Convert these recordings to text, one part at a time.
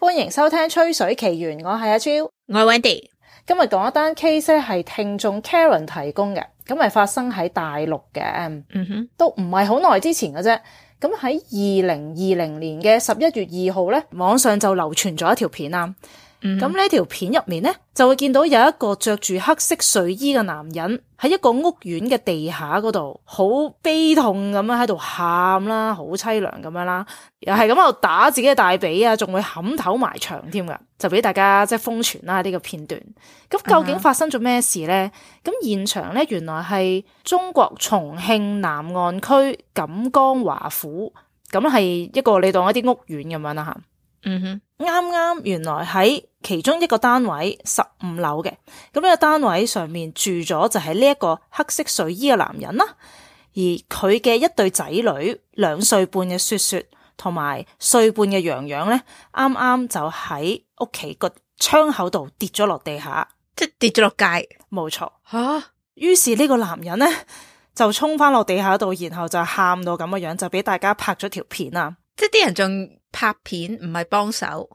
歡迎收聽《吹水奇緣》，我係阿超，我係 Wendy。今日講一單 case 咧，係聽眾 Karen 提供嘅，咁係發生喺大陸嘅，嗯哼、mm，hmm. 都唔係好耐之前嘅啫。咁喺二零二零年嘅十一月二號咧，網上就流傳咗一條片啊。咁呢一條片入面呢，就會見到有一個着住黑色睡衣嘅男人喺一個屋苑嘅地下嗰度，好悲痛咁樣喺度喊啦，好凄涼咁樣啦，又係咁喺度打自己嘅大髀，啊，仲會冚頭埋牆添噶，就俾大家即係瘋傳啦呢個片段。咁究竟發生咗咩事呢？咁、uh huh. 現場呢，原來係中國重慶南岸區錦江華府，咁係一個你當一啲屋苑咁樣啦吓。嗯哼，啱啱原來喺其中一個單位十五樓嘅，咁、那、呢個單位上面住咗就係呢一個黑色睡衣嘅男人啦，而佢嘅一對仔女兩歲半嘅雪雪同埋歲半嘅洋洋呢，啱啱就喺屋企個窗口度跌咗落地下，即跌咗落街，冇錯吓。啊、於是呢個男人呢，就衝翻落地下度，然後就喊到咁嘅樣，就俾大家拍咗條片啊。即係啲人仲拍片，唔係幫手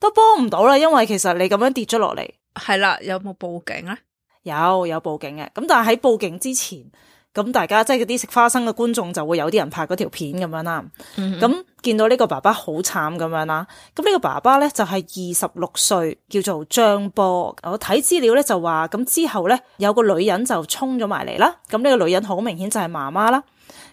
都幫唔到啦，因為其實你咁樣跌咗落嚟，係啦，有冇報警呀？有，有報警嘅，咁但係喺報警之前，咁大家即係嗰啲食花生嘅觀眾就會有啲人拍嗰條片咁樣啦。咁、嗯、哼見到呢個爸爸好慘咁樣啦，咁呢個爸爸咧就係二十六歲，叫做張波。我睇資料咧就話，咁之後咧有個女人就衝咗埋嚟啦。咁呢個女人好明顯就係媽媽啦。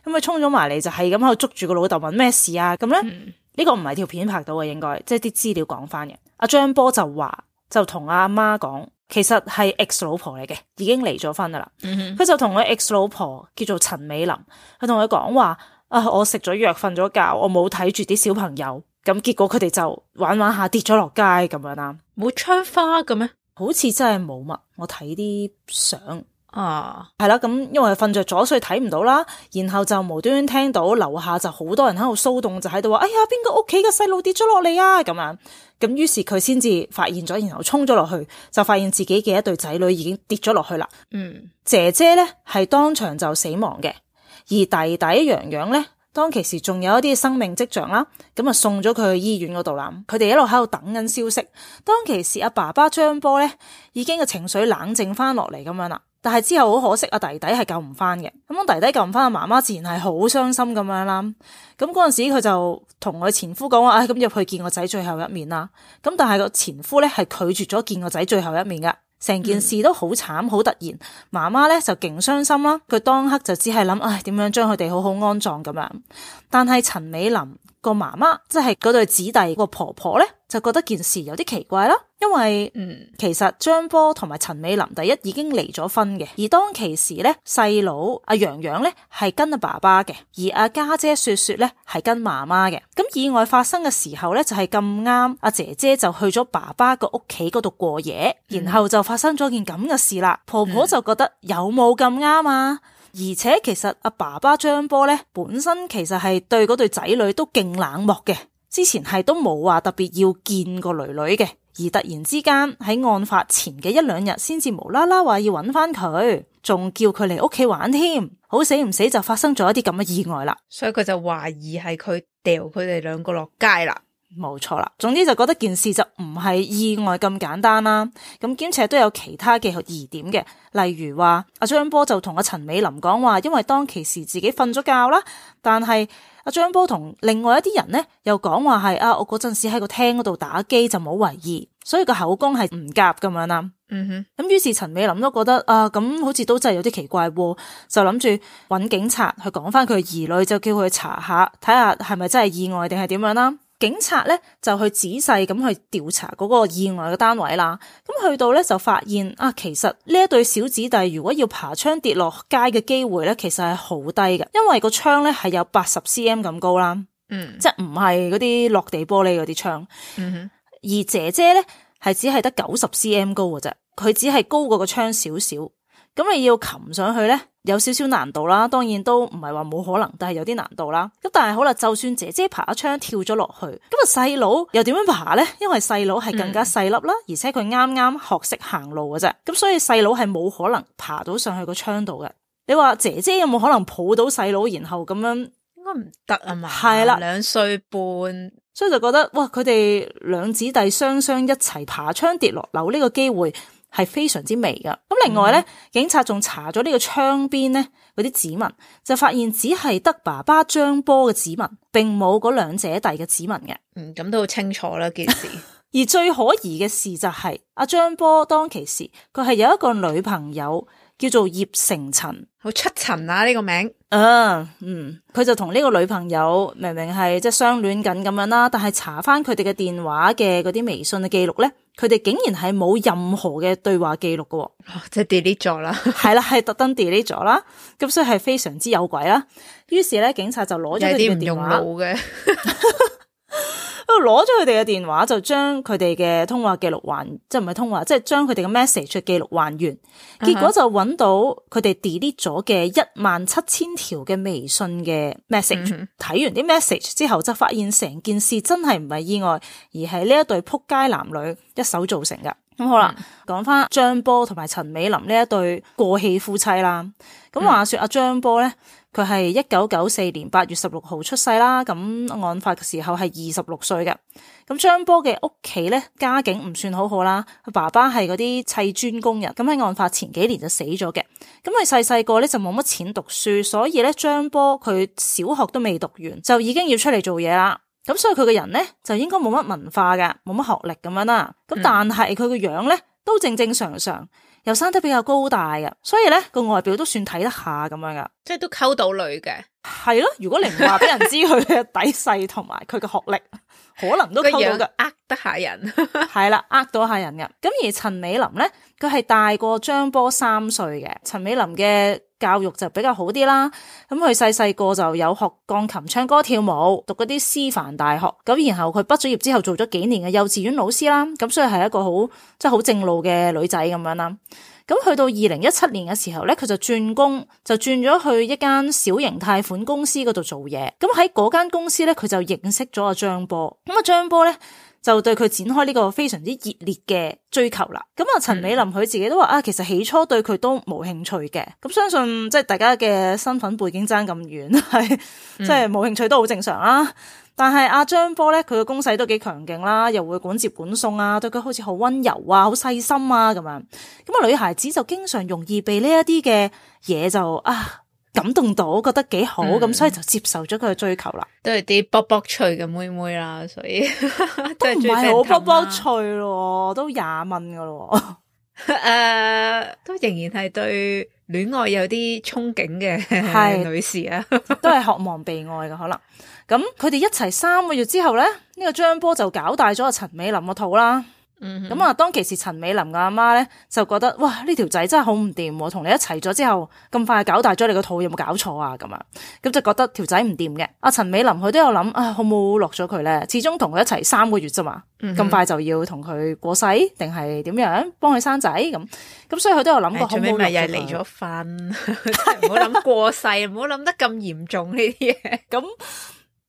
咁佢衝咗埋嚟就係咁喺度捉住個老豆問咩事啊？咁咧呢、嗯、個唔係條片拍到嘅，應該即係啲資料講翻嘅。阿張、啊、波就話就同阿媽、媽講，其實係 ex 老婆嚟嘅，已經離咗婚啦。佢、嗯、哼就同佢 ex 老婆叫做陳美琳，佢同佢講話啊，我食咗藥瞓咗覺，我冇睇住啲小朋友，咁結果佢哋就玩、玩玩下跌咗落街咁樣啦。冇窗花咁咩？好似真係冇乜。我睇啲相。啊，係啦，咁因為瞓着咗，所以睇唔到啦。然後就無端端聽到樓下就好多人喺度騷動，就喺度話：哎呀，邊個屋企嘅細路跌咗落嚟啊？咁樣咁，於是佢先至發現咗，然後衝咗落去，就發現自己嘅一對仔女已經跌咗落去啦。嗯，姐姐咧係當場就死亡嘅，而弟弟洋洋咧當其時仲有一啲生命跡象啦。咁啊，送咗佢去醫院嗰度啦，佢哋一路喺度等緊消息。當其時阿、啊、爸爸張波咧已經嘅情緒冷靜翻落嚟咁樣啦。但係之後好可惜，阿弟弟係救唔翻嘅。咁樣弟弟救唔翻，阿媽媽自然係好傷心咁樣啦。咁嗰陣時佢就同佢前夫講話：，唉、哎，咁入去見個仔最後一面啦。咁但係個前夫咧係拒絕咗見個仔最後一面嘅。成件事都好慘，好突然。媽媽咧就勁傷心啦。佢當刻就只係諗：，唉、哎，點樣將佢哋好好安葬咁樣？但係陳美琳。個媽媽即係嗰對子弟個婆婆咧，就覺得件事有啲奇怪囉，因為嗯，其實張波同埋陳美琳第一已經離咗婚嘅，而當其時咧，細佬阿洋洋咧係跟阿爸爸嘅，而阿家姐雪雪咧係跟媽媽嘅，咁意外發生嘅時候咧就係咁啱，阿姐姐就去咗爸爸個屋企嗰度過夜，嗯、然後就發生咗件咁嘅事啦，婆婆就覺得、嗯、有冇咁啱啊？而且其實阿爸爸張波咧，本身其實係對嗰對仔女都勁冷漠嘅，之前係都冇話特別要見個女女嘅，而突然之間喺案發前嘅一兩日，先至無啦啦話要揾翻佢，仲叫佢嚟屋企玩添，好死唔死就發生咗一啲咁嘅意外啦，所以佢就懷疑係佢掉佢哋兩個落街啦。冇錯啦，總之就覺得件事就唔係意外咁簡單啦。咁兼且都有其他嘅疑點嘅，例如話阿張波就同阿陳美琳講話，因為當其時自己瞓咗覺啦，但係阿張波同另外一啲人咧又講話係啊，我嗰陣時喺個廳嗰度打機就冇為意，所以個口供係唔夾咁樣啦。嗯哼，咁於是陳美琳都覺得啊，咁好似都真係有啲奇怪，就諗住搵警察去講翻佢疑慮，就叫佢查下睇下係咪真係意外定係點樣啦。警察咧就去仔細咁去調查嗰個意外嘅單位啦，咁去到咧就發現啊，其實呢一對小姊弟如果要爬窗跌落街嘅機會咧，其實係好低嘅，因為個窗咧係有八十 cm 咁高啦，嗯，即係唔係嗰啲落地玻璃嗰啲窗，嗯哼，而姐姐咧係只係得九十 cm 高嘅啫，佢只係高過個窗少少。咁你要擒上去咧，有少少難度啦。當然都唔係話冇可能，但係有啲難度啦。咁但係好啦，就算姐姐爬咗窗跳咗落去，咁啊細佬又點樣爬咧？因為細佬係更加細粒啦，嗯、而且佢啱啱學識行路嘅啫。咁所以細佬係冇可能爬到上去個窗度嘅。你話姐姐有冇可能抱到細佬，然後咁樣？應該唔得啊嘛。係啦吧，兩歲半，所以就覺得哇，佢哋兩姊弟雙雙一齊爬窗跌落樓呢個機會，係非常之微噶。咁另外咧，嗯、警察仲查咗呢個窗邊咧嗰啲指紋，就發現只係得爸爸張波嘅指紋，並冇嗰兩姐弟嘅指紋嘅。嗯，咁都好清楚啦件事。 而最可疑嘅事就係阿張波當其時，佢係有一個女朋友叫做葉誠塵，好出塵啊呢、這個名。Uh, 嗯，嗯，佢就同呢個女朋友明明係即係相戀緊咁樣啦，但係查翻佢哋嘅電話嘅嗰啲微信嘅記錄咧。佢哋竟然係冇任何嘅對話記錄噶、哦，即係 delete 咗啦，係 啦樂，係特登 delete 咗啦，咁所以係非常之有鬼啦。於是咧，警察就攞咗佢嘅電話。有啲唔用腦嘅。 佢攞咗佢哋嘅電話，就將佢哋嘅通話記錄還，即係唔係通話，即係將佢哋嘅 message 嘅記錄還原。結果就揾到佢哋 delete 咗嘅一萬七千條嘅微信嘅 message。嗯哼睇完啲 message 之後，就發現成件事真係唔係意外，而係呢一對扑街男女一手造成嘅。咁好啦，講翻張波同埋陳美琳呢一對過氣夫妻啦。咁話說阿張波咧，佢係一九九四年八月十六號出世啦。咁案發嘅時候係二十六歲嘅。咁張波嘅屋企咧，家境唔算好好啦。佢爸爸係嗰啲砌磚工人，咁喺案發前幾年就死咗嘅。咁佢細細個咧就冇乜錢讀書，所以咧張波佢小學都未讀完就已經要出嚟做嘢啦。咁所以佢個人咧就應該冇乜文化噶，冇乜學歷咁樣啦。咁但係佢個樣咧都正正常常，又生得比較高大嘅，所以咧個外表都算睇得下咁樣噶。即係都溝到女嘅。係咯，如果你唔話俾人知佢嘅底細同埋佢嘅學歷，可能都溝到佢呃得下人。係 啦，呃到下人噶。咁而陳美琳咧，佢係大過張波三歲嘅。陳美琳嘅教育就比較好啲啦，咁佢細細個就有學鋼琴、唱歌、跳舞，讀嗰啲師範大學，咁然後佢畢咗業之後做咗幾年嘅幼稚園老師啦，咁所以係一個好即係好正路嘅女仔咁樣啦。咁去到二零一七年嘅時候咧，佢就轉工，就轉咗去一間小型貸款公司嗰度做嘢。咁喺嗰間公司咧，佢就認識咗阿張波。咁啊，張波咧。就對佢展開呢個非常之熱烈嘅追求啦。咁啊、嗯，陳美琳佢自己都話啊，其實起初對佢都冇興趣嘅。咁相信即係大家嘅身份背景爭咁遠，係即係冇興趣都好正常啦。但係阿張波咧，佢嘅攻勢都幾強勁啦，又會管接管送啊，對佢好似好溫柔啊，好細心啊咁樣。咁啊，女孩子就經常容易被呢一啲嘅嘢就啊。感動到，覺得幾好，咁所以就接受咗佢嘅追求啦。都係啲卜卜脆嘅妹妹啦，所以都唔係好卜卜脆咯，都廿蚊噶咯。誒，都仍然係對戀愛有啲憧憬嘅女士啊，都係渴望被愛嘅可能。咁佢哋一齊三個月之後咧，呢個張波就搞大咗阿陳美琳個肚啦。咁啊，嗯、當其時陳美琳個阿媽咧，就覺得哇，呢條仔真係好唔掂，同你一齊咗之後咁快搞大咗你個肚，有冇搞錯啊？咁啊，咁就覺得條仔唔掂嘅。阿陳美琳佢都有諗啊，好冇落咗佢咧，始終同佢一齊三個月咋嘛，咁、嗯、哼快就要同佢過世定係點樣幫佢生仔咁？咁所以佢都有諗過，最尾咪又離咗婚，真係唔好諗過世，唔好諗得咁嚴重呢啲嘢咁。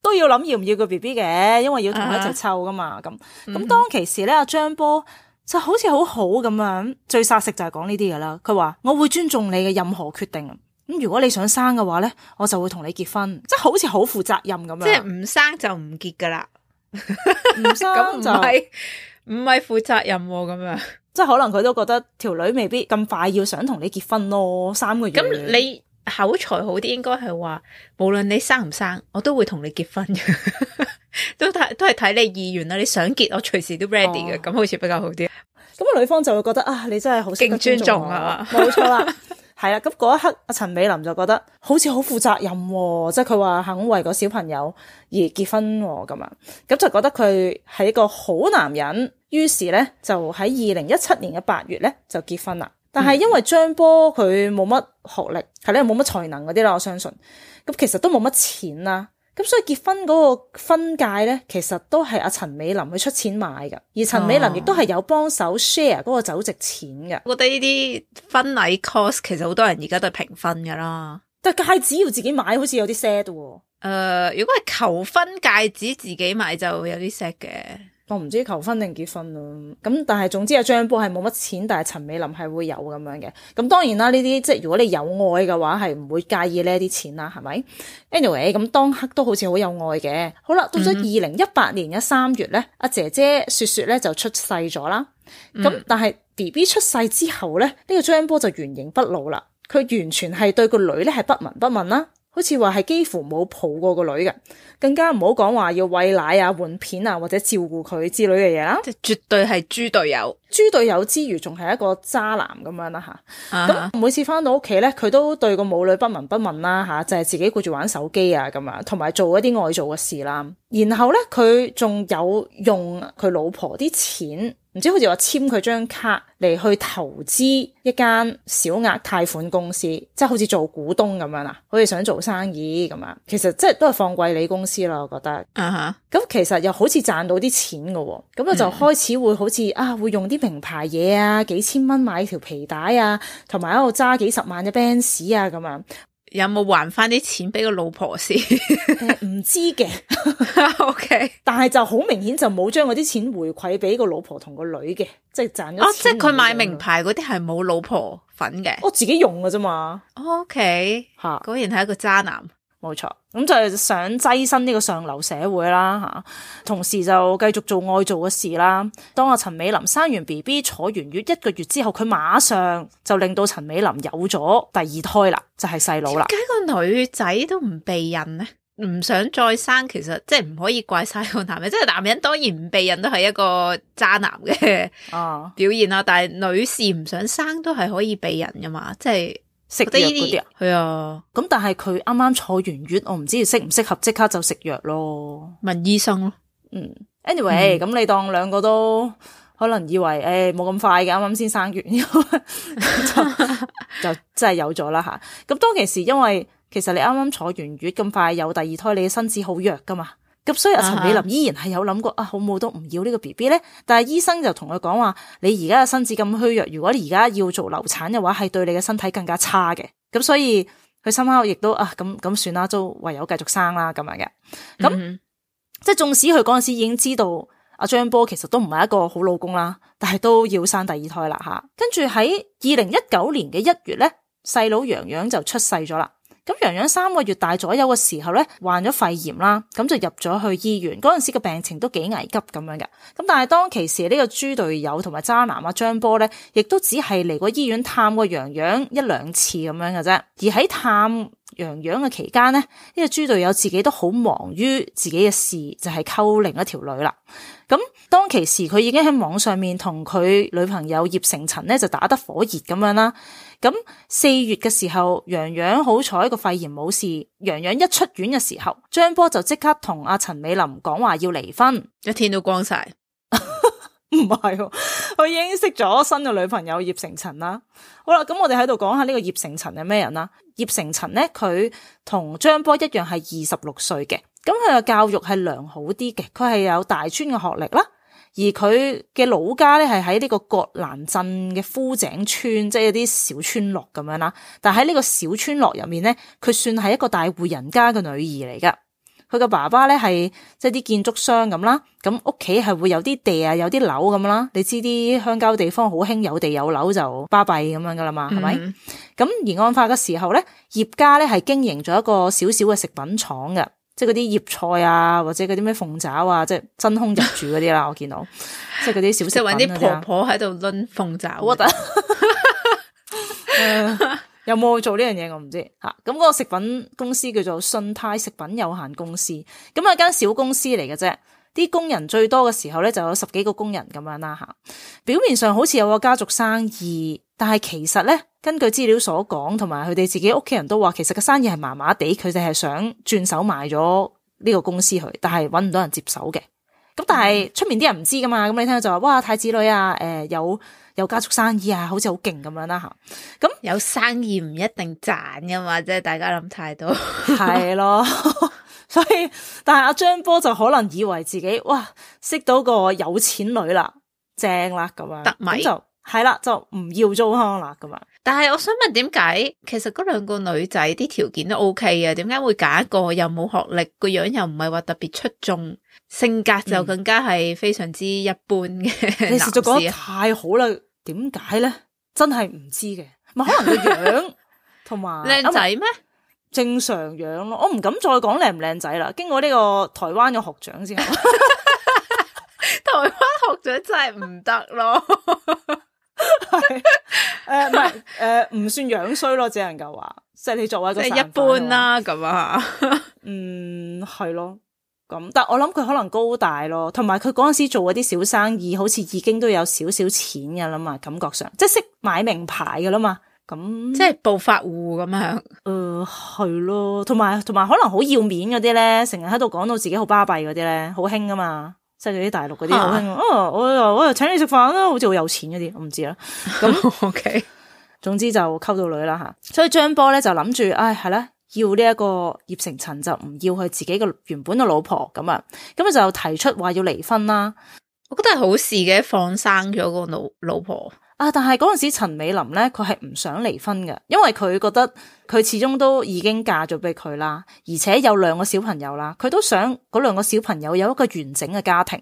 都要諗要唔要個 B B 嘅，因為要同佢一齊湊噶嘛。咁咁、uh huh. 當其時咧，阿張、uh huh. 啊、波就好似好好咁樣，最殺食就係講呢啲噶啦。佢話我會尊重你嘅任何決定。咁如果你想生嘅話咧，我就會同你結婚，即係好似好負責任咁樣。即係唔生就唔結噶啦，唔 生咁唔係唔係負責任咁、啊、樣。即係可能佢都覺得條女未必咁快要想同你結婚咯，三個月咁你。口才好啲，應該係話，無論你生唔生，我都會同你結婚， 都睇都係睇你意願啦。你想結，我隨時都 ready 嘅。咁、哦、好似比較好啲。咁啊，女方就會覺得啊，你真係好，識尊重啊，冇錯啦，係啦。 咁嗰一刻，阿陳美琳就覺得好似好負責任、啊，即係佢話肯為個小朋友而結婚咁啊。咁就覺得佢係一個好男人，於是咧就喺二零一七年嘅八月咧就結婚啦。但係因為張波佢冇乜學歷，係咧冇乜才能嗰啲啦，我相信。咁其實都冇乜錢啦，咁所以結婚嗰個婚戒咧，其實都係阿陳美琳去出錢買噶，而陳美琳亦都係有幫手 share 嗰個酒席錢噶。哦、我覺得呢啲婚禮 cost 其實好多人而家都係平分噶啦。但戒指要自己買，好似有啲 sad 喎。誒、呃，如果係求婚戒指自己買就有啲 sad 嘅。我唔知求婚定結婚啊。咁但係總之阿張波係冇乜錢，但係陳美琳係會有咁樣嘅，咁當然啦呢啲即係如果你有愛嘅話係唔會介意呢啲錢啦，係咪？Anyway，咁當刻都好似好有愛嘅，好啦，到咗二零一八年嘅三月咧，阿、mm hmm. 姐姐雪雪咧就出世咗啦，咁、mm hmm. 但係 B B 出世之後咧，呢、這個張波就原形畢露啦，佢完全係對個女咧係不聞不問啦。好似話係幾乎冇抱過個女嘅，更加唔好講話要餵奶啊、換片啊或者照顧佢之類嘅嘢啦。即係絕對係豬隊友，豬隊友之餘仲係一個渣男咁樣啦、啊、吓。咁、uh huh. 每次翻到屋企咧，佢都對個母女不聞不問啦吓，就係自己顧住玩手機啊咁樣，同埋做一啲愛做嘅事啦、啊。然後咧，佢仲有用佢老婆啲錢，唔知好似我簽佢張卡嚟，去投資一間小額貸款公司，即係好似做股東咁樣啊，好似想做生意咁樣。其實即係都係放貴利公司咯，我覺得。啊哈、uh。咁、huh. 其實又好似賺到啲錢嘅，咁啊就開始會好似、uh huh. 啊會用啲名牌嘢啊，幾千蚊買條皮帶啊，同埋喺度揸幾十萬嘅 band 史啊咁啊。有冇還翻啲錢俾個老婆先？唔、 嗯、知嘅 ，OK，但係就好明顯就冇將嗰啲錢回饋俾個老婆同個女嘅，即係賺咗。哦，即係佢買名牌嗰啲係冇老婆份嘅，我自己用㗎啫嘛。OK，吓 果然係一個渣男。冇錯，咁就係想躋身呢個上流社會啦吓，同時就繼續做愛做嘅事啦。當阿陳美琳生完 BB，坐完月一個月之後，佢馬上就令到陳美琳有咗第二胎啦，就係細佬啦。點解個女仔都唔避孕呢？唔想再生，其實即係唔可以怪晒個男人，即係男人當然唔避孕都係一個渣男嘅哦表現啦。啊，但係女士唔想生都係可以避孕噶嘛，即係。食得呢啲啊，係啊，咁但係佢啱啱坐完月，我唔知適唔適合即刻就食藥咯，問醫生咯。嗯，anyway，咁、嗯、你當兩個都可能以為誒冇咁快嘅，啱啱先生完， 就， 就真係有咗啦吓。咁當其時因為其實你啱啱坐完月咁快有第二胎，你嘅身子好弱噶嘛。咁所以阿陳美琳依然係有諗過啊，好冇都唔要個 BB 呢個 B B 咧。但係醫生就同佢講話：你而家嘅身子咁虛弱，如果你而家要做流產嘅話，係對你嘅身體更加差嘅。咁所以佢心考，亦都啊，咁咁算啦，都唯有繼續生啦咁樣嘅。咁、mm hmm. 即係縱使佢嗰陣時已經知道阿張、uh huh. 波其實都唔係一個好老公啦，但係都要生第二胎啦吓。跟住喺二零一九年嘅一月咧，細佬洋洋就出世咗啦。咁洋洋三個月大左右嘅時候咧，患咗肺炎啦，咁就入咗去醫院，嗰陣時個病情都幾危急咁樣嘅。咁但係當其時呢個豬隊友同埋渣男啊張波咧，亦都只係嚟過醫院探過洋洋一兩次咁樣嘅啫，而喺探。楊洋嘅期間呢，呢、這個豬隊友自己都好忙於自己嘅事，就係溝另一條女啦。咁當其時佢已經喺網上面同佢女朋友葉誠塵呢就打得火熱咁樣啦。咁四月嘅時候，楊洋好彩個肺炎冇事。楊洋一出院嘅時候，張波就即刻同阿陳美琳講話要離婚，一天都光晒。 唔係啊，我已經認識咗新嘅女朋友葉誠塵啦。好啦，咁我哋喺度講下呢個葉誠塵係咩人啦？葉誠塵咧，佢同張波一樣係二十六歲嘅。咁佢嘅教育係良好啲嘅，佢係有大專嘅學歷啦。而佢嘅老家咧係喺呢個葛蘭鎮嘅枯井村，即係一啲小村落咁樣啦。但喺呢個小村落入面咧，佢算係一個大戶人家嘅女兒嚟噶。佢嘅爸爸咧係即係啲建築商咁啦，咁屋企係會有啲地啊，有啲樓咁啦。你知啲鄉郊地方好興有地有樓就巴閉咁樣噶啦嘛，係咪？咁、嗯、而案發嘅時候咧，葉家咧係經營咗一個小小嘅食品廠嘅，即係嗰啲葉菜啊，或者嗰啲咩鳳爪啊，即係真空入住嗰啲啦。 我見到，即係嗰啲小食即係揾啲婆婆喺度撚鳳爪啊！ uh, 有冇去做呢樣嘢？我唔知吓，咁嗰、啊嗰個食品公司叫做信泰食品有限公司，咁係間小公司嚟嘅啫，啲工人最多嘅時候咧就有十幾個工人咁樣啦吓。表面上好似有個家族生意，但係其實咧，根據資料所講，同埋佢哋自己屋企人都話，其實個生意係麻麻地，佢哋係想轉手賣咗呢個公司去，但係搵唔到人接手嘅。咁但係出面啲人唔知噶嘛，咁你聽到就話哇太子女啊，誒、呃、有有家族生意啊，好似好勁咁樣啦吓。咁、嗯、有生意唔一定賺噶嘛，即係大家諗太多係 是咯。 所以但係阿張波就可能以為自己哇識到個有錢女啦，正啦咁啊，咁樣得米就係啦，就唔要租康啦咁啊。但係我想問，點解？其實嗰兩個女仔啲條件都 OK 啊，點解會揀一個又冇學歷，個樣又唔係話特別出眾，性格就更加係非常之一般嘅你男士啊？嗯、太好啦，點解呢？真係唔知嘅，唔可能個樣同埋靚仔咩？正常樣咯，我唔敢再講靚唔靚仔啦。經過呢個台灣嘅學長先， 台灣學長真係唔得咯。 誒，唔係誒，唔、呃、算樣衰咯，只能夠話，即係你作為一個一般啦咁啊， 嗯，係咯，咁但係我諗佢可能高大咯，同埋佢嗰陣時做嗰啲小生意，好似已經都有少少錢噶啦嘛，感覺上即係識買名牌噶啦嘛，咁即係暴發戶咁樣，誒，係咯、 呃，同埋同埋可能好要面嗰啲咧，成日喺度講到自己好巴閉嗰啲咧，好興噶嘛。即係啲大陸嗰啲，啊、哦，我又我又請你食飯啦，好似好有錢嗰啲，我唔知啦。咁 ，OK，總之就溝到女啦吓。所以張波咧就諗住，唉、哎，係咧要呢一個葉誠塵就唔要佢自己嘅原本嘅老婆咁啊，咁佢就提出話要離婚啦。我覺得係好事嘅，放生咗個老老婆。啊！但係嗰陣時，陳美琳咧，佢係唔想離婚嘅，因為佢覺得佢始終都已經嫁咗俾佢啦，而且有兩個小朋友啦，佢都想嗰兩個小朋友有一個完整嘅家庭，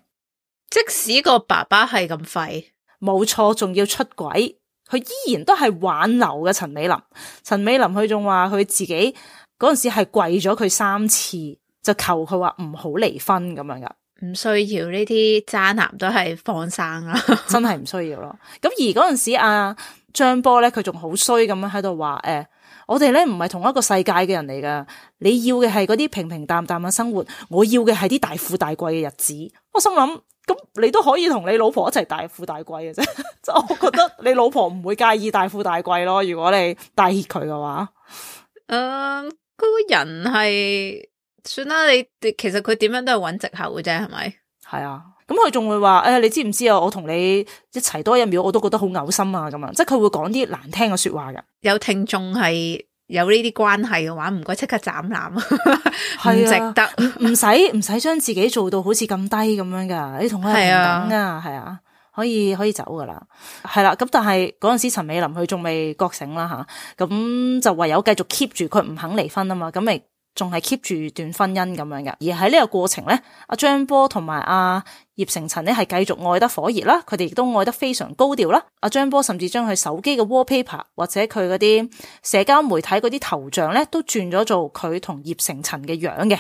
即使個爸爸係咁廢，冇錯，仲要出軌，佢依然都係挽留嘅。陳美琳，陳美琳，佢仲話佢自己嗰陣時係跪咗佢三次，就求佢話唔好離婚咁樣噶。唔需要呢啲渣男都係放生啊，真係唔需要咯。咁而嗰陣時阿張、啊、波咧，佢仲好衰咁樣喺度話，誒、欸，我哋咧唔係同一個世界嘅人嚟㗎。你要嘅係嗰啲平平淡淡嘅生活，我要嘅係啲大富大貴嘅日子。我心諗，咁你都可以同你老婆一齊大富大貴嘅啫。即 係我覺得你老婆唔會介意大富大貴咯。如果你帶挈佢嘅話，誒、呃，那個人係。算啦，你其實佢點樣都係揾藉口嘅啫，係咪？係啊，咁佢仲會話誒、哎，你知唔知啊？我同你一齊多一秒，我都覺得好嘔心啊，咁樣，即係佢會講啲難聽嘅說話嘅。有聽眾係有呢啲關係嘅話，唔該即刻斬纜，唔 啊、 值得，唔使唔使將自己做到好似咁低咁樣噶，你同佢係平等噶、啊，係啊，啊，可以可以走噶啦，係 啦、啊。咁但係嗰陣時陳美琳，佢仲未覺醒啦吓，咁、啊、就唯有繼續 keep 住佢唔肯離婚啊嘛，咁咪。仲係 keep 住段婚姻咁樣嘅，而喺呢個過程咧，阿張波同埋阿葉誠塵咧係繼續愛得火熱啦，佢哋亦都愛得非常高調啦。阿、啊、張波甚至將佢手機嘅 wallpaper 或者佢嗰啲社交媒體嗰啲頭像咧都轉咗做佢同葉誠塵嘅樣嘅，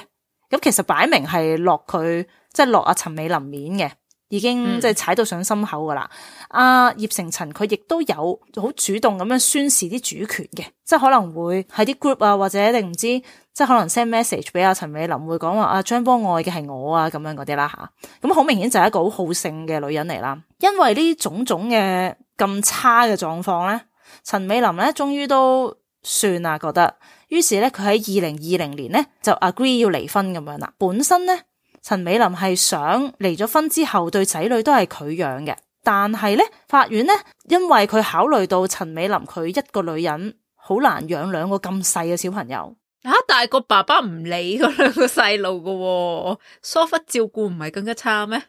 咁其實擺明係落佢即係落阿陳美霖面嘅。已經即係踩到上心口噶啦！阿、嗯啊、葉成塵佢亦都有好主動咁樣宣示啲主權嘅，即係可能會喺啲 group 啊，或者定唔知，即係可能 send message 俾阿陳美琳會講話阿張波愛嘅係我啊咁樣嗰啲啦吓，咁、啊、好、嗯、明顯就係一個好好勝嘅女人嚟啦。因為呢種種嘅咁差嘅狀況咧，陳美琳咧終於都算啦覺得，於是咧佢喺二零二零年咧就 agree 要離婚咁樣啦。本身咧。陳美琳係想離咗婚之後對仔女都係佢養嘅，但係咧法院咧，因為佢考慮到陳美琳，佢一個女人好難養兩個咁細嘅小朋友，吓、啊、但係個爸爸唔理嗰兩個細路嘅，疏忽照顧唔係更加差咩？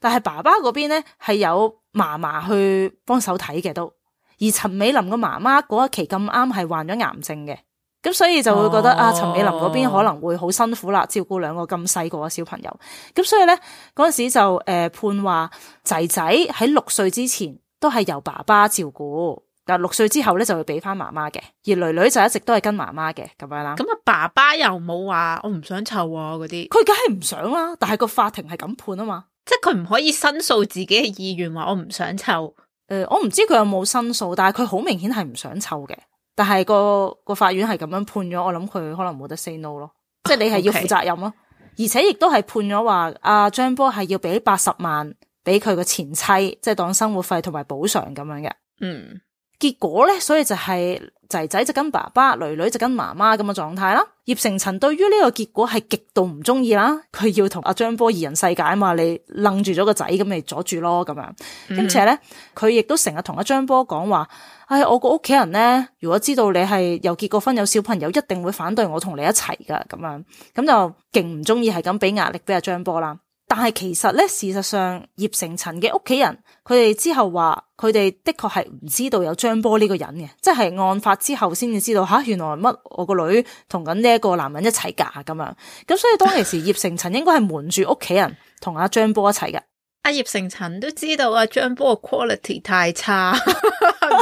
但係爸爸嗰邊咧係有嫲嫲去幫手睇嘅都，而陳美琳嘅媽媽嗰一期咁啱係患咗癌症嘅。咁所以就會覺得，oh. 啊，陳美琳嗰邊可能會好辛苦啦，照顧兩個咁細個嘅小朋友。咁所以咧嗰陣時就誒、呃、判話仔仔喺六歲之前都係由爸爸照顧，但係六歲之後咧就會俾翻媽媽嘅，而女女就一直都係跟媽媽嘅咁樣啦。咁啊，爸爸又冇話我唔想湊啊嗰啲，佢梗係唔想啦。但係個法庭係咁判啊嘛，即係佢唔可以申訴自己嘅意願，話我唔想湊。誒，我唔知佢有冇申訴，但係佢好明顯係唔想湊嘅。但係個個法院係咁樣判咗，我諗佢可能冇得 say no 咯，即係你係要負責任咯。Oh, okay. 而且亦都係判咗話阿張波係要俾八十萬俾佢個前妻，即係當生活費同埋補償咁樣嘅。嗯，mm. 結果咧，所以就係仔仔就跟爸爸，女女就跟媽媽咁嘅狀態啦。葉誠塵對於呢個結果係極度唔中意啦，佢要同阿、啊、張波二人世界啊嘛，你楞住咗個仔咁咪阻住咯咁樣。而且咧，佢亦都成日同阿張波講話。係、哎，我個屋企人咧，如果知道你係有結過婚，有小朋友，一定會反對我同你一齊噶咁樣。咁就勁唔中意係咁俾壓力俾阿張波啦。但係其實咧，事實上葉成陳嘅屋企人佢哋之後話佢哋的確係唔知道有張波呢個人嘅，即係案發之後先至知道吓、啊，原來乜我個女同緊呢一個男人一齊噶咁樣。咁所以當其時葉成陳應該係瞞住屋企人同阿張波一齊噶。 阿葉、啊、誠塵都知道阿、啊、張波個 quality 太差，唔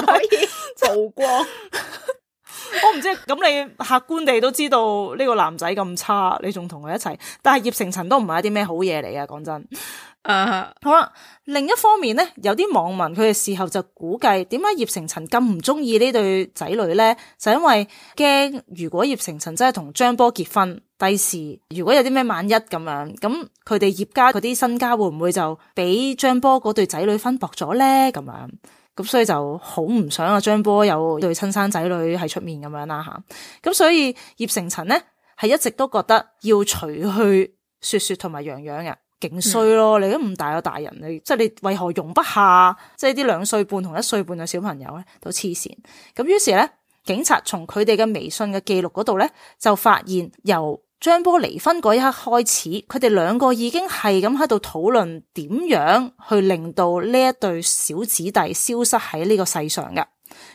可以曝光。我唔知咁，你客觀地都知道呢個男仔咁差，你仲同佢一齊？但係葉誠塵都唔係一啲咩好嘢嚟噶，講真。 啊，好啦，另一方面咧，有啲網民佢嘅事後就估計，點解葉成塵咁唔中意呢對仔女咧？就因為驚如果葉成塵真係同張波結婚，第時如果有啲咩萬一咁樣，咁佢哋葉家嗰啲身家會唔會就俾張波嗰對仔女分薄咗咧？咁樣咁，所以就好唔想啊，張波有對親生仔女喺出面咁樣啦吓。咁所以葉成塵咧係一直都覺得要除去雪雪同埋洋洋啊。勁衰咯！你都咁大個大人，你即係你為何容不下即係啲兩歲半同一歲半嘅小朋友咧？都黐線！咁於是咧，警察從佢哋嘅微信嘅記錄嗰度咧，就發現由張波離婚嗰一刻開始，佢哋兩個已經係咁喺度討論點樣去令到呢一對小姊弟消失喺呢個世上嘅。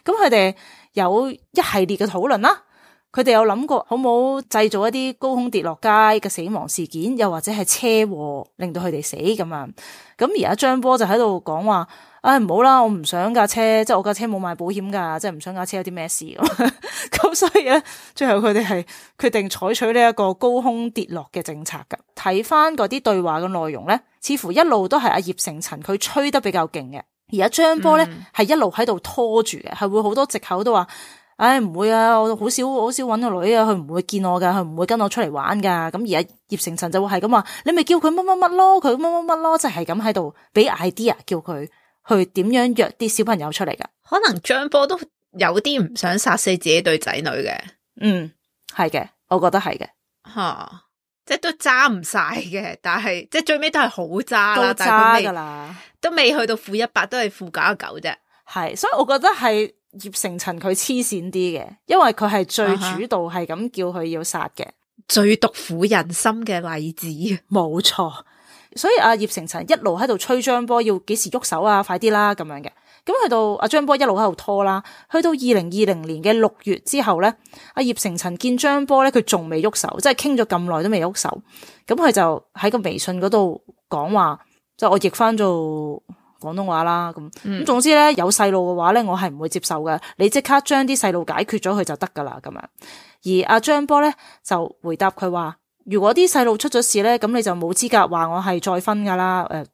咁佢哋有一系列嘅討論啦。佢哋有諗過，好冇製造一啲高空跌落街嘅死亡事件，又或者係車禍令到佢哋死咁啊？咁而家張波就喺度講話：，唉、哎，唔好啦，我唔想架車，即係我架車冇買保險噶，即係唔想架車有啲咩事。咁 所以咧，最後佢哋係決定採取呢一個高空跌落嘅政策噶。睇翻嗰啲對話嘅內容咧，似乎一路都係阿葉誠塵佢吹得比較勁嘅，而家張波咧係、嗯、一路喺度拖住嘅，係會好多藉口都話。唉，唔會啊！我好少好少搵個女啊，佢唔會見我噶，佢唔會跟我出嚟玩噶。咁而家葉成塵就會係咁話，你咪叫佢乜乜乜咯，佢乜乜乜咯，就係咁喺度俾 idea 叫佢去點樣約啲小朋友出嚟噶。可能張波都有啲唔想殺死自己對仔女嘅，嗯，係嘅，我覺得係嘅，吓，即係都揸唔晒嘅，但係即係最尾都係好揸啦，都未，都未去到負一百，都係負九啊九啫，係，所以我覺得係。葉成塵佢黐線啲嘅，因為佢係最主導，係咁叫佢要殺嘅，啊，最毒苦人心嘅例子，冇錯。所以阿，啊、葉成塵一路喺度催張波要幾時喐手啊，快啲啦咁樣嘅。咁去到阿張波一路喺度拖啦，去到二零二零年嘅六月之後咧，阿葉成塵見張波咧佢仲未喐手，即係傾咗咁耐都未喐手，咁佢就喺個微信嗰度講話，就我譯翻做。廣東話啦，咁咁、嗯、總之咧，有細路嘅話咧，我係唔會接受嘅。你即刻將啲細路解決咗佢就得噶啦，咁樣。而阿張波咧就回答佢話，如果啲細路出咗事咧，咁你就冇資格話我係再婚噶啦。誒、呃，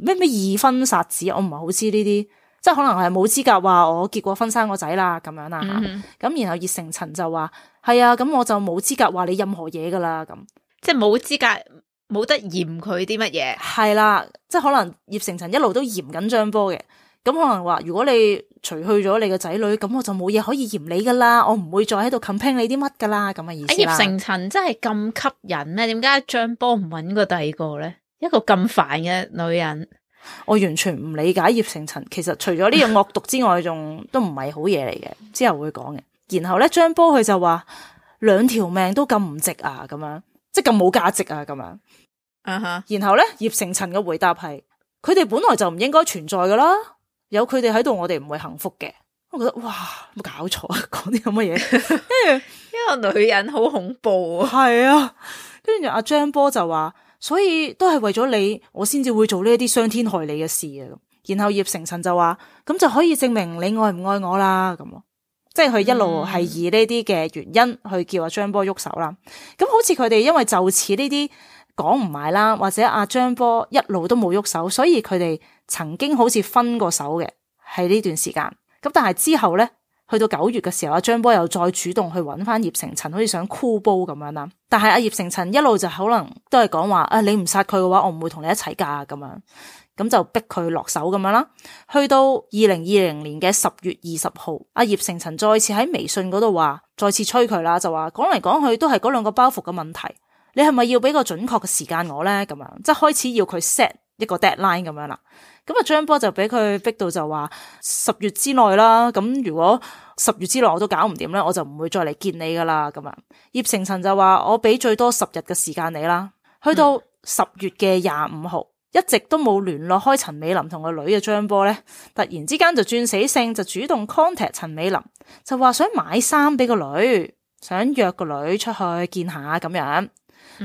咩咩二婚殺子，我唔係好知呢啲，即係可能係冇資格話我結過婚生個仔啦，咁樣啦吓。咁、嗯、哼然後葉誠塵就話，係啊，咁我就冇資格話你任何嘢噶啦，咁即係冇資格。冇得嫌佢啲乜嘢，係啦，即係可能葉成塵一路都嫌緊張波嘅，咁可能話如果你除去咗你個仔女，咁我就冇嘢可以嫌你噶啦，我唔會再喺度 complain 你啲乜噶啦，咁嘅意思啦。葉成塵真係咁吸引咩？點解張波唔搵個第二個咧？一個咁煩嘅女人， 我完全唔理解葉成塵。其實除咗呢個惡毒之外，仲都唔係好嘢嚟嘅。之後會講嘅。然後咧，張波佢就話兩條命都咁唔值啊，咁樣。即咁冇價值啊！咁樣，嗯哼、uh，huh. 然後咧，葉誠塵嘅回答係，佢哋本來就唔應該存在噶啦，有佢哋喺度，我哋唔會幸福嘅。我覺得哇，冇搞錯啊，講啲咁嘅嘢，跟住一個女人好恐怖啊，係 啊，跟住阿張波就話，所以都係為咗你，我先至會做呢一啲傷天害理嘅事啊。然後葉誠塵就話，咁就可以證明你愛唔愛我啦咁。即係佢一路係以呢啲嘅原因去叫阿張波喐手啦，咁好似佢哋因為就似呢啲講唔埋啦，或者阿張波一路都冇喐手，所以佢哋曾經好似分過手嘅喺呢段時間。咁但係之後咧，去到九月嘅時候，阿張波又再主動去揾返葉誠塵，好似想箍煲咁樣啦。但係阿葉誠塵一路就可能都係講話啊，你唔殺佢嘅話，我唔會同你一齊㗎咁樣。咁就逼佢落手咁樣啦。去到二零二零年嘅十月二十號，阿葉成塵再次喺微信嗰度話，再次催佢啦，就話講嚟講去都係嗰兩個包袱嘅問題，你係咪要俾個準確嘅時間我咧？咁樣即係開始要佢 set 一個 deadline 咁樣啦。咁啊張波就俾佢逼到就話十月之內啦。咁如果十月之內我都搞唔掂咧，我就唔會再嚟見你噶啦。咁樣，葉成塵就話我俾最多十日嘅時間你啦。去到十月嘅廿五號。嗯一直都冇聯絡開陳美琳同個女嘅張波咧，突然之間就轉死性，就主動 contact 陳美琳，就話想買衫俾個女，想約個女出去見下咁樣。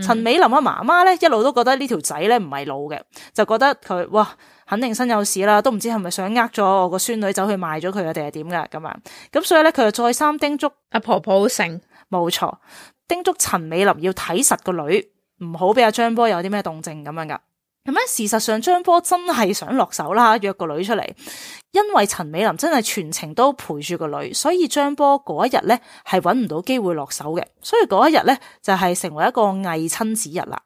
陳美琳嘅媽媽咧，一路都覺得呢條仔咧唔係老嘅，就覺得佢哇肯定身有屎啦，都唔知係咪想呃咗我個孫女走去賣咗佢啊，定係點噶咁樣？咁所以咧，佢就再三叮囑阿婆婆成冇錯，叮囑陳美琳要睇實個女，唔好俾阿張波有啲咩動靜咁樣噶。咁咧，事實上張波真係想落手啦，約個女出嚟。因為陳美琳真係全程都陪住個女，所以張波嗰一日咧係搵唔到機會落手嘅，所以嗰一日咧就係、是、成為一個偽親子日啦。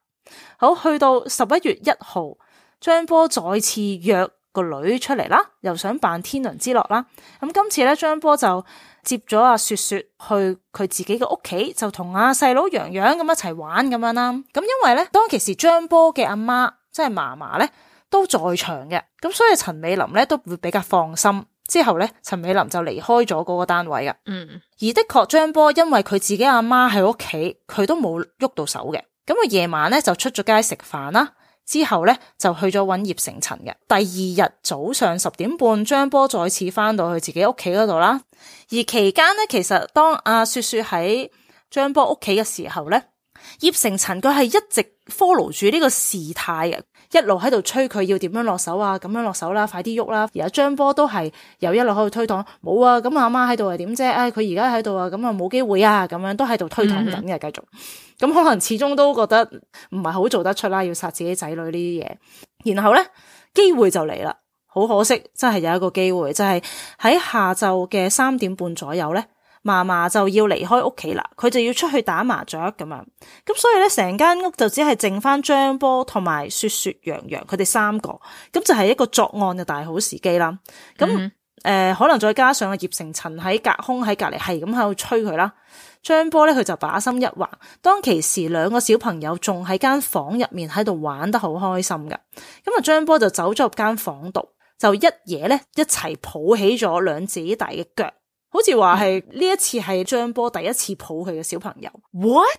好，去到十一月一號，張波再次約個女出嚟啦，又想扮天倫之樂啦。咁今次咧，張波就接咗阿雪雪去佢自己嘅屋企，就同阿細佬洋洋咁一齊玩咁樣啦。咁因為咧，當其時張波嘅阿媽。即係嫲嫲咧都在場嘅，咁所以陳美琳咧都會比較放心。之後咧，陳美琳就離開咗嗰個單位噶。嗯。而的確，張波因為佢自己阿媽喺屋企，佢都冇喐到手嘅。咁佢夜晚咧就出咗街食飯啦，之後咧就去咗搵葉成塵嘅。第二日早上十點半，張波再次翻到去自己屋企嗰度啦。而期間咧，其實當阿雪雪喺張波屋企嘅時候咧。葉成塵佢係一直 follow 住呢個事態啊，一路喺度催佢要點樣落手啊，咁樣落手啦，快啲喐啦！而家張波都係又一路喺度推搪，冇 啊，咁阿媽喺度係點啫？唉，佢而家喺度啊，咁啊冇機會啊，咁樣都喺度推搪緊嘅，繼續。咁 可能始終都覺得唔係好做得出啦，要殺自己仔女呢啲嘢。然後咧，機會就嚟啦，好可惜，真係有一個機會，就係喺下晝嘅三點半左右咧。嫲嫲就要離開屋企啦，佢就要出去打麻雀咁樣，咁所以咧，成間屋就只係剩翻張波同埋雪雪洋洋佢哋三個，咁就係一個作案嘅大好時機啦。咁誒、嗯呃，可能再加上啊葉成塵喺隔空喺隔離，係咁喺度吹佢啦。張波咧，佢就把心一橫，當其時兩個小朋友仲喺間房入面喺度玩得好開心㗎，咁啊張波就走咗入間房度，就一嘢咧，一齊抱起咗兩姊弟嘅腳。好似話係呢一次係張波第一次抱佢嘅小朋友。what？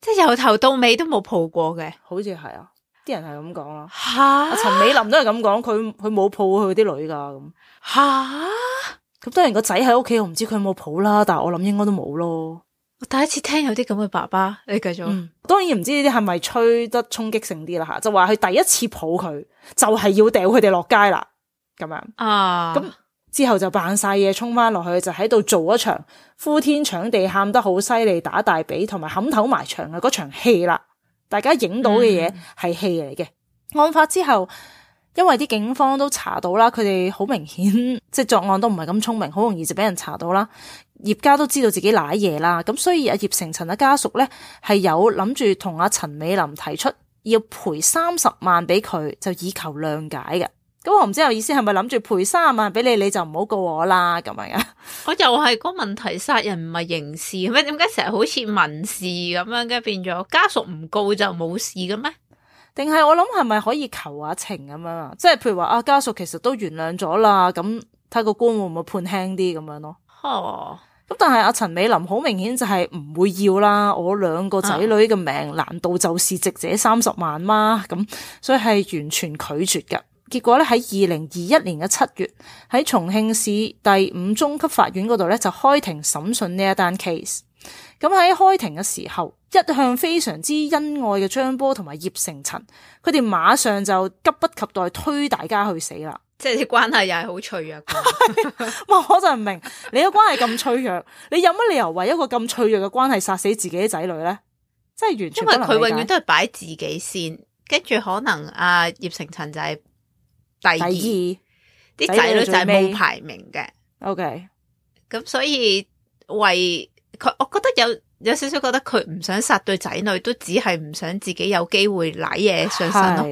即係由頭到尾都冇抱過嘅。好似係啊，啲人係咁講啦。吓，陳美琳都係咁講，佢佢冇抱佢啲女噶，咁。吓，咁當然個仔喺屋企，我唔知佢有冇抱啦，但係我諗應該都冇咯。我第一次聽有啲咁嘅爸爸，你繼續。嗯，當然唔知呢啲係咪吹得衝擊性啲啦吓，就話佢第一次抱佢，就係要掉佢哋落街啦，咁樣啊。之後就扮晒嘢，衝翻落去就喺度做一場呼天搶地、喊得好犀利、打大髀同埋冚頭埋牆嘅嗰場戲啦。大家影到嘅嘢係戲嚟嘅。嗯、案發之後，因為啲警方都查到啦，佢哋好明顯即係作案都唔係咁聰明，好容易就俾人查到啦。葉家都知道自己瀨嘢啦，咁所以阿葉成陳嘅家屬呢，係有諗住同阿陳美琳提出要賠三十萬俾佢，就以求諒解嘅。咁我唔知有意思係咪諗住賠三十萬俾你，你就唔好告我啦咁樣啊？我又係嗰個問題，殺人唔係刑事咩？點解成日好似民事咁樣？咁變咗家屬唔告就冇事嘅咩？定係我諗係咪可以求下情咁樣啊？即係譬如話啊，家屬其實都原諒咗啦，咁睇個官會唔會判輕啲咁樣咯、啊？咁呵但係阿陳美琳好明顯就係唔會要啦。我兩個仔女嘅命，難道就是值者三十萬嗎？咁、啊啊、所以係完全拒絕嘅。結果咧喺二零二一年嘅七月，喺重慶市第五中級法院嗰度咧就開庭審訊呢一單 case。咁喺開庭嘅時候，一向非常之恩愛嘅張波同埋葉成陳，佢哋馬上就急不及待推大家去死啦。即係啲關係又係好脆弱㗎。我我就唔明，你嘅關係咁脆弱，你有乜理由為一個咁脆弱嘅關係殺死自己嘅仔女呢？即係完全因為佢永遠都係擺自己先，跟住可能阿葉成陳就係。第二啲仔女就係冇排名嘅，OK，咁所以為佢喂，我覺得有有少少覺得佢唔想殺對仔女，都只係唔想自己有機會舐嘢上身是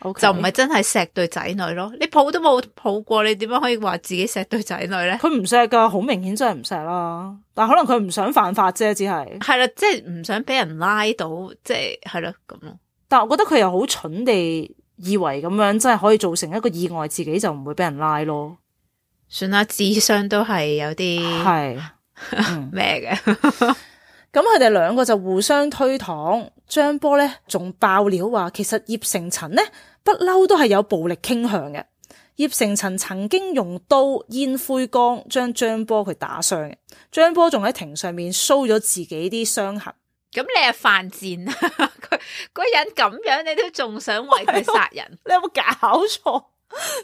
咯，Okay. 就唔係真係錫對仔女咯。你抱都冇抱過，你點樣可以話自己錫對仔女咧？佢唔錫噶，好明顯真係唔錫咯。但可能佢唔想犯法啫，只係係啦，即係唔想俾人拉到，即係係咯咁咯。但我覺得佢又好蠢地。以為咁樣真係可以造成一個意外，自己就唔會俾人拉咯。算啦，智商都係有啲係咩嘅。咁佢哋兩個就互相推搪。張波咧仲爆料話，其實葉誠塵呢不嬲都係有暴力傾向嘅。葉誠塵曾經用刀煙、煙灰缸將張波佢打傷嘅。張波仲喺庭上面 show 咗自己啲傷痕。咁你係犯賤？ 個人咁樣，你都仲想為佢殺人？你有冇搞錯？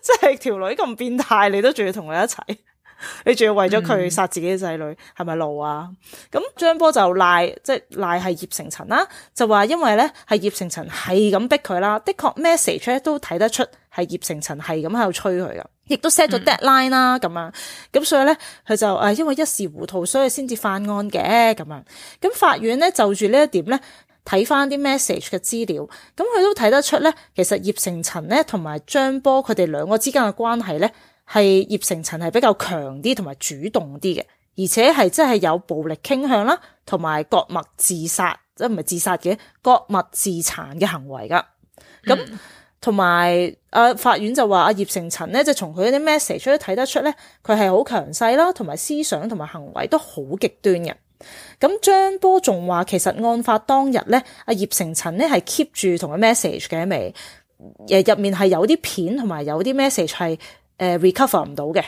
即係條女咁變態，你都仲要同佢一齊？ 你仲要為咗佢殺自己嘅仔女，係咪路啊？咁張波就賴，即係賴係葉成塵啦，就話因為咧係葉成塵係咁逼佢啦。的確 message 咧都睇得出係葉成塵係咁喺度催佢噶，亦都 set 咗 deadline 啦咁、嗯、樣。咁所以咧佢就誒，因為一時糊塗，所以先至犯案嘅咁樣。咁法院咧就住呢一點咧。睇翻啲 message 嘅資料，咁佢都睇得出咧。其實葉成塵咧同埋張波佢哋兩個之間嘅關係咧，係葉成塵係比較強啲同埋主動啲嘅，而且係真係有暴力傾向啦，同埋割脈自殺即唔係自殺嘅割脈自殘嘅行為噶。咁同埋啊，法院就話啊，葉成塵咧就係從佢嗰啲 message 都睇得出咧，佢係好強勢啦，同埋思想同埋行為都好極端嘅。咁張波仲話，其實案發當日咧，阿葉誠塵咧係 keep 住同佢 message 嘅，未，誒入面係有啲片同埋有啲 message 係誒 recover 唔到嘅。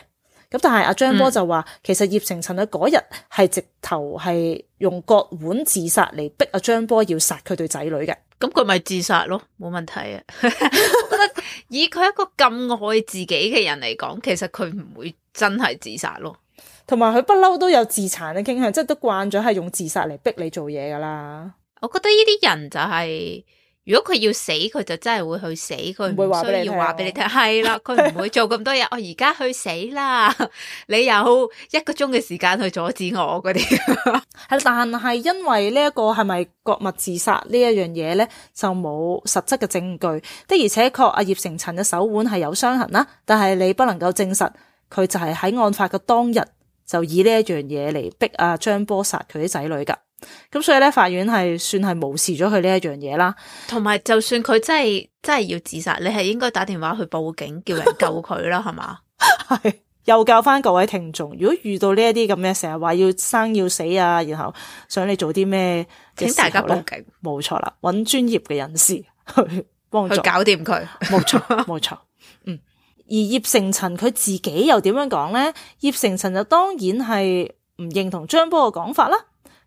咁但係阿張波就話，其實葉誠塵佢嗰日係直頭係用割腕自殺嚟逼阿張波要殺佢對仔女嘅。咁佢咪自殺咯？冇問題啊！我覺得以佢一個咁愛自己嘅人嚟講，其實佢唔會真係自殺咯。同埋佢不嬲都有自殘嘅傾向，即係都慣咗係用自殺嚟逼你做嘢噶啦。我覺得呢啲人就係、是、如果佢要死，佢就真係會去死，佢唔會需要話俾你聽係啦。佢唔會做咁多嘢， 我而家去死啦。你有一個鐘嘅時間去阻止我嗰啲係，但係因為呢一個係咪割腕自殺呢一樣嘢咧，就冇實質嘅證據。的而且確，阿葉誠塵嘅手腕係有傷痕啦，但係你不能夠證實佢就係喺案發嘅當日。就以呢一樣嘢嚟逼阿張波殺佢啲仔女噶，咁所以咧，法院係算係無視咗佢呢一樣嘢啦。同埋，就算佢真係真係要自殺，你係應該打電話去報警，叫人救佢啦，係嘛 吧？係 又教翻各位聽眾，如果遇到呢一啲咁嘅，成日話要生要死啊，然後想你做啲咩，請大家報警，冇錯啦，揾專業嘅人士去幫助去搞掂佢，冇錯冇錯。 而葉成塵佢自己又點樣講咧？葉成塵就當然係唔認同張波嘅講法啦。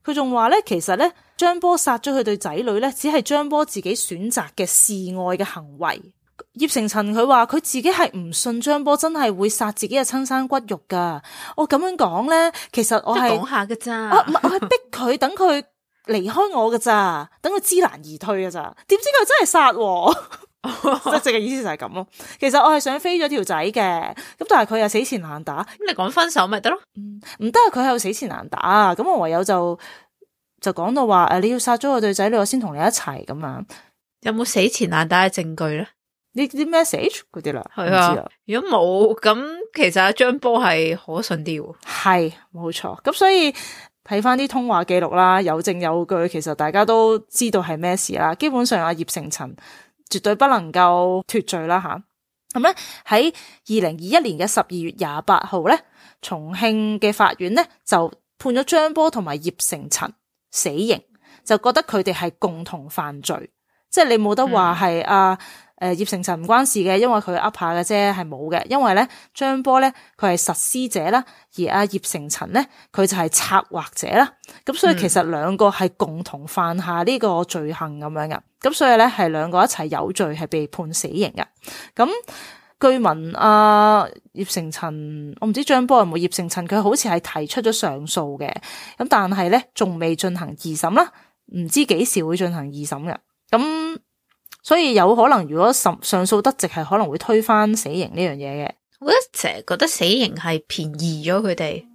佢仲話咧，其實咧，張波殺咗佢對仔女咧，只係張波自己選擇嘅示愛嘅行為。葉成塵佢話佢自己係唔信張波真係會殺自己嘅親生骨肉噶。我咁樣講咧，其實我係講下噶咋、啊。我唔係，我係逼佢等佢離開我噶咋，等佢 知難而退噶咋。點知佢真係殺我。 即係淨嘅意思就係咁咯。其實我係想飛咗條仔嘅，咁但係佢又死纏爛打，咁你講分手咪得咯？唔得啊！佢又死纏爛打啊！咁我唯有就就講到話誒、啊，你要殺咗我對仔女，我先同你一齊咁啊！有冇死纏爛打嘅證據咧？呢啲 message 嗰啲啦，係啊。如果冇咁，其實阿張波係可信啲，係冇錯。咁所以睇翻啲通話記錄啦，有證有據，其實大家都知道係咩事啦。基本上阿葉誠塵。絕對不能夠脫罪啦吓，咁咧喺二零二一年嘅十二月廿八號咧，重慶嘅法院咧就判咗張波同埋葉誠塵死刑，就覺得佢哋係共同犯罪，即係你冇得話係啊。嗯誒，葉成塵唔關事嘅，因為佢噏下嘅啫，係冇嘅。因為咧，張波咧佢係實施者啦，而阿葉成塵咧佢就係策劃者啦。咁所以其實兩個係共同犯下呢個罪行咁樣嘅。咁、嗯、所以咧係兩個一齊有罪係被判死刑嘅。咁據聞阿葉成塵，我唔知張波係唔係葉成塵，佢好似係提出咗上訴嘅。咁但係咧仲未進行二審啦，唔知幾時會進行二審嘅。咁。所以有可能，如果上上訴得直，係可能會推翻死刑呢樣嘢嘅。我覺得成日覺得死刑係便宜咗佢哋，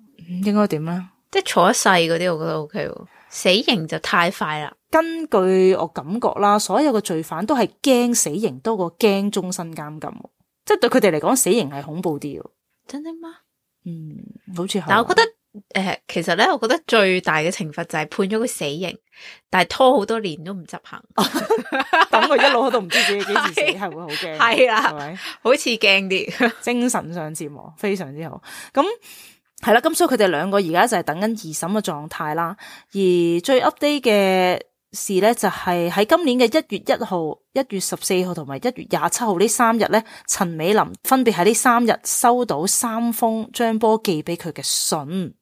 應該點咧？即係坐一世嗰啲，我覺得 OK 喎、啊。死刑就太快啦。根據我感覺啦，所有嘅罪犯都係驚死刑多過驚終身監禁，即係對佢哋嚟講，死刑係恐怖啲喎。真的嗎？嗯，好似係。但我覺得。誒，其實咧，我覺得最大嘅懲罰就係判咗佢死刑，但係拖好多年都唔執行， 等佢一路都唔知自己幾時死，係 是會的吧好驚。係啊，係咪？好似驚啲，精神上折磨非常之好。咁係啦，咁所以佢哋兩個而家就係等緊二審嘅狀態啦。而最 update 嘅事咧，就係喺今年嘅一月一號、一月十四號同埋一月廿七號呢三日咧，陳美琳分別喺呢三日收到三封張波寄俾佢嘅信。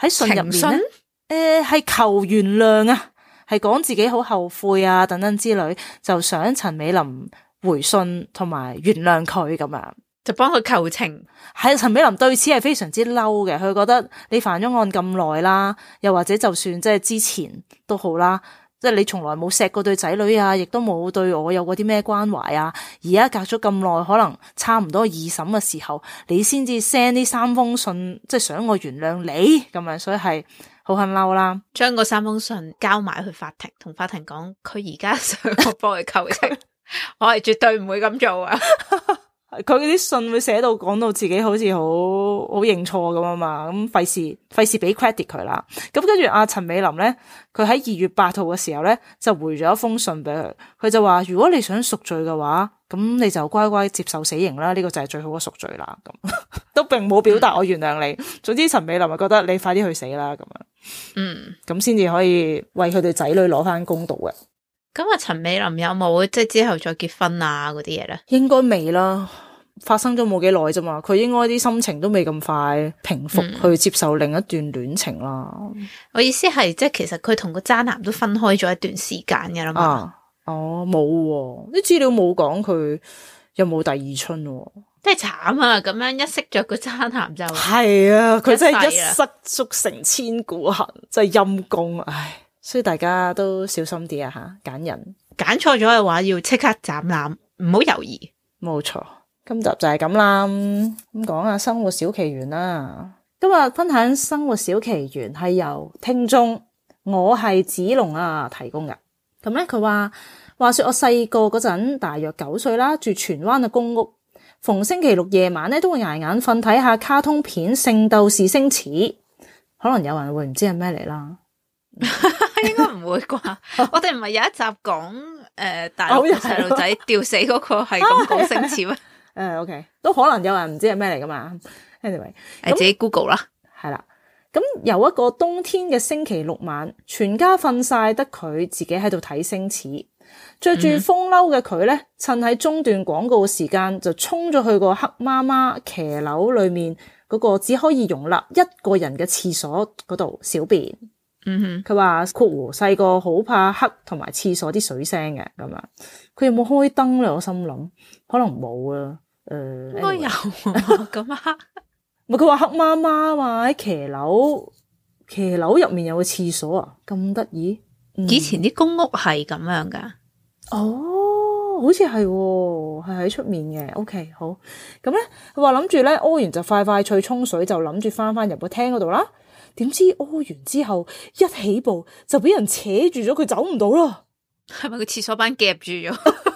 喺信入面咧，誒係信、欸、求原諒啊，係講自己好後悔啊，等等之類，就想陳美琳回信同埋原諒佢咁樣，就幫佢求情。係陳美琳對此係非常之嬲嘅，佢覺得你犯咗案咁耐啦，又或者就算即係之前都好啦。即係你從來冇錫過對仔女啊，亦都冇對我有過啲咩關懷啊。而家隔咗咁耐，可能差唔多二審嘅時候，你先至 send 呢三封信，即係想我原諒你咁樣，所以係好㷫嬲啦。將嗰三封信交埋去法庭，同法庭講佢而家想我幫佢求情， 他 我係絕對唔會咁做啊。 佢嗰啲信會寫到講到自己好似好好認錯咁啊嘛，咁費事費事俾 credit 佢啦。咁跟住阿陳美琳咧，佢喺二月八號嘅時候咧，就回咗一封信俾佢，佢就話，如果你想贖罪嘅話，咁你就乖乖接受死刑啦，呢、呢個就係最好嘅贖罪啦。咁 都並冇表達我原諒你。嗯、總之陳美琳就覺得你快啲去死啦咁樣，嗯，咁先至可以為佢哋仔女攞翻公道嘅。咁阿陳美琳有冇即係之後再結婚啊嗰啲嘢咧？呢，應該未啦。發生咗冇幾耐啫嘛，佢應該啲心情都未咁快平復，去接受另一段戀情啦、嗯。我意思係，即係其實佢同個渣男都分開咗一段時間嘅啦嘛。哦，冇啲資料冇講佢有冇第二春，真係慘啊！咁、啊、樣一識咗個渣男就係啊，佢真係一失足成千古恨，真係陰公唉。所以大家都小心啲啊，吓揀人揀錯咗嘅話，要即刻斬纜，唔好猶豫。冇錯。今集就係咁啦，咁、嗯、講下生活小奇懸啦。今日分享生活小奇懸係由聽眾我係子龍啊提供嘅。咁咧佢話，話說我細個嗰陣大約九歲啦，住荃灣嘅公屋，逢星期六夜晚咧都會挨眼瞓睇下卡通片《聖鬥士星矢》，可能有人會唔知係咩嚟啦， 應該唔會啩？我哋唔係有一集講誒、呃，大陸細路仔吊死嗰個係咁講星矢咩？ 誒、uh,，OK，都可能有人唔知係咩嚟㗎嘛？Anyway，誒，自己 Google 啦，係啦、嗯。咁由一個冬天嘅星期六晚，全家瞓晒，得佢自己喺度睇星矢，着住風褸嘅佢咧，趁喺中段廣告嘅時間，就衝咗去個黑媽媽騎樓裏面嗰個只可以容納一個人嘅廁所嗰度小便。嗯哼，佢話括弧細個好怕黑同埋廁所啲水聲嘅，咁、嗯、啊，佢有冇開燈咧？我心諗可能冇啊。誒，應該有咁啊！咪佢話黑媽媽嘛，喺騎樓，騎樓入面有個廁所啊，咁得意！嗯、以前啲公屋係咁樣噶，哦，好似係、哦，係喺出面嘅。O、okay, K，好，咁、嗯、咧，佢話諗住咧，屙完就快快脆沖水，就諗住翻翻入個廳嗰度啦。點知屙完之後一起步就俾人扯住咗，佢走唔到咯。係咪個廁所板夾住咗？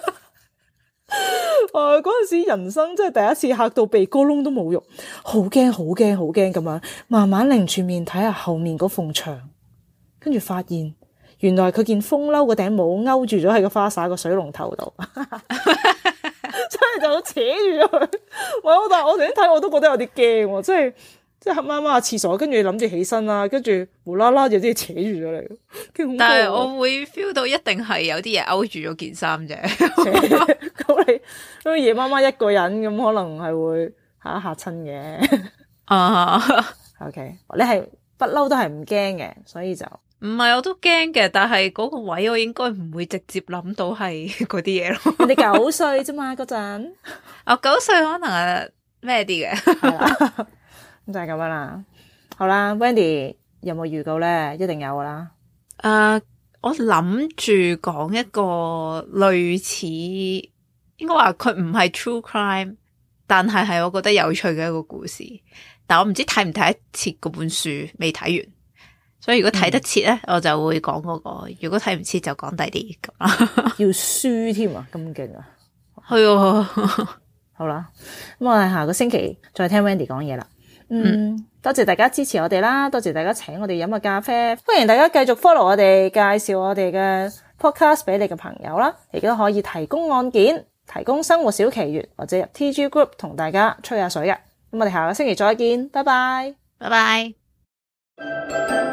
嗰陣、哦、時，人生真係第一次嚇到鼻哥窿都冇肉，好驚好驚好驚咁樣，慢慢擰住面睇下後面嗰埲牆，跟住發現原來佢件風褸個頂帽勾住咗喺個花灑個水龍頭度，所以就扯住咗佢。喂、 哎，我但係我頭先睇我都覺得有啲驚，即係。即係黑麻麻廁所，跟住諗住起身啦，跟住無啦啦就即係扯住咗你，驚！但係我會 feel 到一定係有啲嘢勾住咗件衫啫。咁你咁夜麻麻一個人，咁可能係會嚇一嚇親嘅。啊、uh，OK，你係不嬲都係唔驚嘅，所以就唔係我都驚嘅，但係嗰個位我應該唔會直接諗到係嗰啲嘢咯。你九歲啫嘛，嗰陣啊九歲可能咩啲嘅。 咁就係咁樣啦，好啦，Wendy 有冇預告呢？一定有噶啦。誒，uh, 我諗住講一個類似，應該話佢唔係 true crime，但係係我覺得有趣嘅一個故事。但我唔知睇唔睇得切嗰本書，未睇完。所以如果睇得切呢，我就會講嗰個；如果睇唔切，就講第啲。要輸添啊，咁勁啊，係啊，好啦，咁我哋下個星期再聽 Wendy 講嘢啦。嗯，mm hmm. 多謝大家支持我哋啦，多謝大家請我哋飲個咖啡，歡迎大家繼續 follow 我哋介紹我哋嘅 podcast 俾你嘅朋友啦，亦都可以提供案件，提供生活小奇懸或者入 TG Group 同大家吹下水嘅，咁我哋下個星期再見，拜拜，拜拜 Bye bye.。